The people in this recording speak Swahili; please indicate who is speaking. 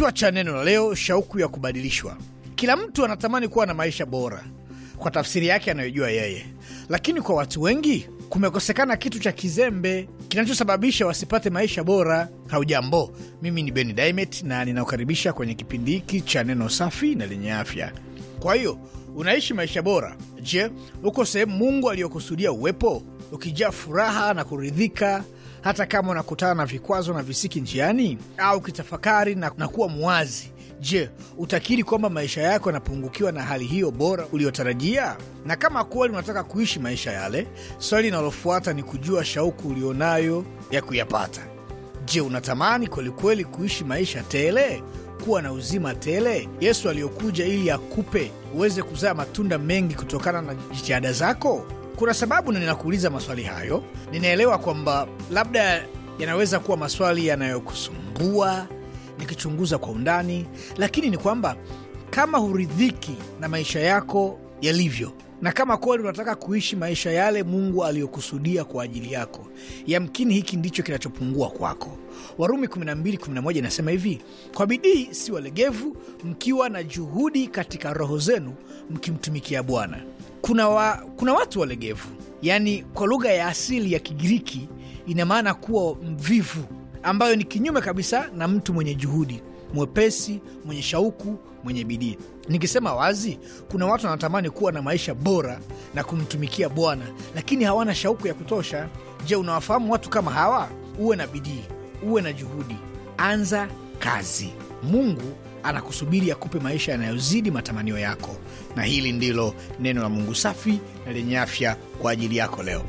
Speaker 1: Kichwa cha neno la leo: shauku ya kubadilishwa. Kila mtu anatamani kuwa na maisha bora kwa tafsiri yake anayojua yeye, lakini kwa watu wengi kumekosekana kitu cha kizembe kinachosababisha wasipate maisha bora. Haujambo, mimi ni Beni Dimet na ninakukaribisha kwenye kipindi hiki cha neno safi na lenye afya. Kwa hiyo unaishi maisha bora? Je, uko sehemu Mungu aliyokusudia uwepo, ukijaa furaha na kuridhika hata kama unakutana na vikwazo na visiki njiani, au kitafakari na, na kuwa mwazi. Je, utakiri kwamba maisha yako yanapungukiwa na hali hiyo bora uliyotarajia? Na kama kweli unataka kuishi maisha yale, swali linalofuata ni kujua shauku ulionayo ya kuyapata. Je, unatamani kwelikweli kuishi maisha tele, kuwa na uzima tele Yesu aliyokuja ili akupe uweze kuzaa matunda mengi kutokana na jitihada zako? kuna sababu na ninakuuliza maswali hayo. Ninaelewa kwamba labda yanaweza kuwa maswali yanayokusumbua nikichunguza kwa undani, lakini ni kwamba kama huridhiki na maisha yako yalivyo na kama kweli unataka kuishi maisha yale Mungu aliyokusudia kwa ajili yako, yamkini hiki ndicho kinachopungua kwako. Warumi 12:11 inasema hivi: kwa bidii si walegevu, mkiwa na juhudi katika roho zenu, mkimtumikia Bwana. Kuna, wa, kuna watu walegevu, yaani kwa lugha ya asili ya Kigiriki ina maana kuwa mvivu ambayo ni kinyume kabisa na mtu mwenye juhudi, mwepesi, mwenye shauku, mwenye bidii. Nikisema wazi, kuna watu wanatamani kuwa na maisha bora na kumtumikia Bwana, lakini hawana shauku ya kutosha. Je, unawafahamu watu kama hawa? Uwe na bidii, uwe na juhudi, anza kazi. Mungu anakusubiri akupe maisha yanayozidi matamanio yako. Na hili ndilo neno la Mungu safi na lenye afya kwa ajili yako leo.